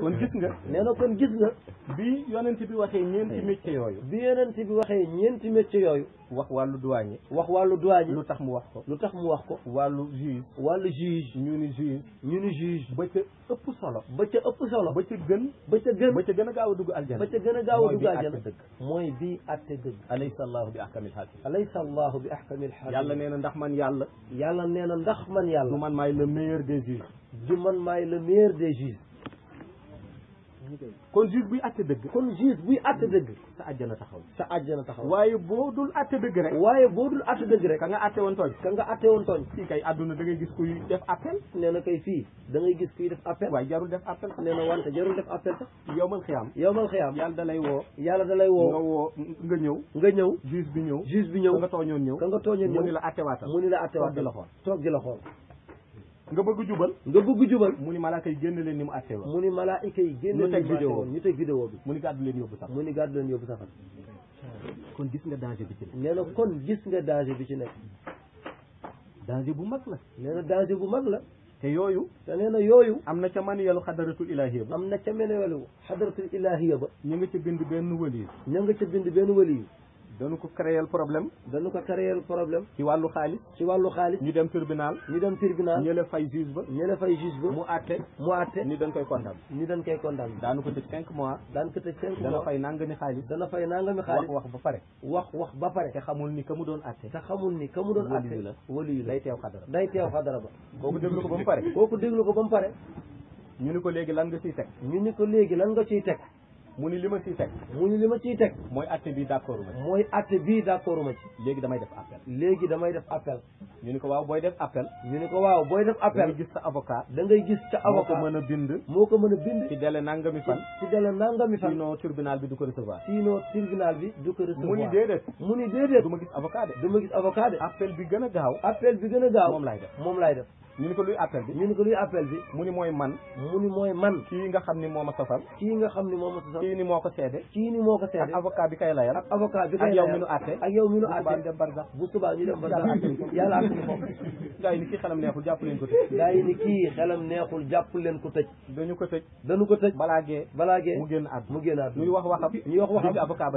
kon gis nga nee na kon gis nga bi yonent bi waxee ñeenti métier yooyu bi yonent bi waxee ñeenti métier yooyu wax wàllu douanier wax wàllu douanier lu tax mu wax ko lu tax mu wax ko wàllu juge wàllu juge ñu ni juge ñu ni juge ba ca ëpp solo ba ca ëpp solo ba gën ba ca gën ba ca gën a gaaw a dugg aljana ba gën a gaaw a dugg aljana dëgg mooy bii atte dëgg alaysa allahu bi ahkamil hakim alaysa allahu bi ahkamil hakim yàlla nee na ndax man yàlla yàlla nee na ndax man yàlla du man maay le meilleur des juges du man maay le kon juge buy àtte dëgg kon juge buy àtte dëgg sa àjjana taxaw sa àjjana taxaw waaye boo dul àtte dëgg rek waaye boo dul àtte dëgg rek ka nga àtte woon tooñ ka nga àtte woon tooñ fii kay àdduna da ngay gis kuy def appel nee na kay fii da ngay gis kuy def appel waaye jarul def appel nee na wante jarul def appel sax yow mal xiyaam yow mal xiyaam yàlla da lay woo yàlla dalay woo nga woo nga ñëw nga ñëw juge bi ñëw juge bi ñëw ka nga tooñoon ñëw ka nga tooñoon ñëw mu ni la àttewaatal mu ni la àttewaatal toog di la xool nga bëgg jubal nga bëgg jubal mu ni malaaka yi génn leen ni mu àttee woon mu ni malaaka yi génn leen ni mu bi mu ni gàddu leen yóbbu sax mu ni gàddu leen yóbbu sax kon gis nga danger bi ci nekk nee na kon gis nga danger bi ci nekk danger bu mag la nee na danger bu mag la te yooyu te nee na yooyu am na ca manuelu xadaratul ilahiya ba am na ca manuelu xadaratul ilahiya ba ñu nga ca bind benn waliyu ñu nga ca bind benn waliyu dañu ko créer problème dañu ko créer problème ci wàllu xaalis ci wàllu xaalis ñu dem tribunal ñu dem tribunal ñële fay juge ba ñële fay juge ba mu àtte mu àtte ni dañ koy condamné ni dañ koy condamné daanu ko tëj cinq mois daanu ko tëj cinq mois dana fay nangami xaalis dana fay nangami xaalis wax ba pare wax wax ba pare te xamul ni ka mu doon àtte te xamul ni ka mu doon àtte la waliyu la day teew xadara day teew xadara ba kooku déglu ko ba mu pare kooku déglu ko ba mu pare ñu ni ko léegi lan nga ciy teg ñu ni ko léegi lan nga ciy teg mu ni li ma ciy teg mu ni li ma ciy teg mooy atte bii d'accord ma ci mooy atte bii d'accord ma ci léegi damay def appel léegi damay def appel ñu ni ko waaw booy def appel ñu ni ko waaw booy def appel da ngay gis sa avocat da ngay gis sa avocat moo ko mën a bind moo ko mën a bind ci délai nangami fan ci délai nangami fan sinon tribunal bi du ko recevoir sinon tribunal bi du ko recevoir mu ni déedéet mu ni déedéet du ma gis avocat de du ma gis avocat de appel bi gën a gaaw appel bi gën a gaaw moom laay moom laay def ñu ni ko luy appel bi ñu ni ko luy appel bi mu ni mooy man mu ni mooy man kii nga xam ni moo ma sosal kii nga xam ni moom ma sosal kii ni moo ko seede kii ni moo ko seede ak avocat bi kay layal ak avocat bi kay layal ak yow mi nu atte ak yow mi nu atte dem barsax bu subaa ñu dem barsax yàlla atte ko gaa yi ni kii xelam neexul jàpp leen ko tëj gaa yi ni kii xelam neexul jàpp leen ko tëj dañu ko tëj dañu ko tëj balaa gee balaa gee mu génn at wax waxam ñuy wax waxam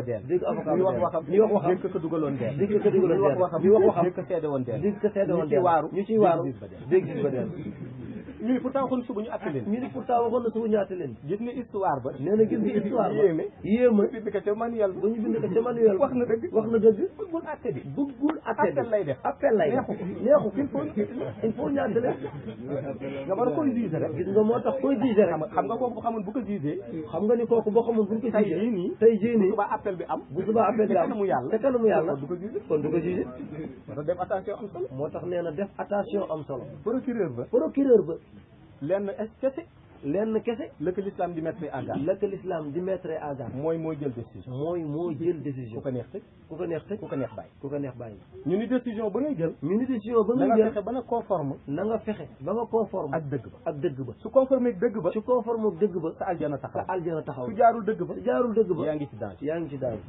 dégg avocat wax waxam dugaloon deel dégg ko dugaloon deel ñuy wax ñu ci waaru ñu ñu ni pourtant waxoon suba ñu àtte leen ñu ni pourtant waxoon na suba ñu àtte leen gis nga histoire ba nee na gis nga histoire ba yéeme yéema bind ko ca manuel ba ñu bind ko ca manuel wax na dëgg wax na dëgg bëggul àtte bi bëggul appel lay def appel lay def neexu il faut il faut ñaata la nga war a koy juger rek gis nga moo tax koy juger rek xam nga kooku bu xamoon bu ko juger xam nga ni kooku boo xamoon buñ ko tey jii nii tey jii nii bu subaa appel bi am bu subaa appel bi am mu yàlla te kanamu yàlla du ko juger kon du ko juger moo tax def attention am solo moo tax nee na def attention am solo procureur ba procureur ba lenn kese lenn kese la ko l'islam di mettre en garde la ko l'islam di mettre en garde mooy moo jël décision mooy moo jël décision ku ko neex tëj ku ko neex tëj ku ko neex bàyyi ku ko neex bàyyi ñu ni décision ba ngay jël ñu ni décision ba ngay jël na nga fexe ba nga conforme na nga fexe ba nga conforme ak dëgg ba ak dëgg ba su conforme ak dëgg ba su conforme ak dëgg ba sa aljana taxaw sa aljana taxaw su jaarul dëgg ba su jaarul dëgg ba yaa ngi ci danger yaa ngi ci danger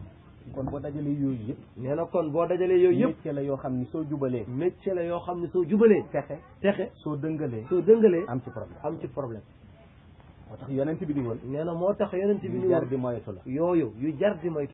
kon boo dajalee yooyu yëpp nee na kon boo dajalee yooyu yëpp métier la yoo xam ni soo jubalee métier la yoo xam ni soo jubalee texe texe soo dëngalee soo dëngalee am ci problème am ci problème moo tax yonent bi ni woon nee na moo tax yonent bi ni woon yu jar di moytu la yooyu yu jar di moytu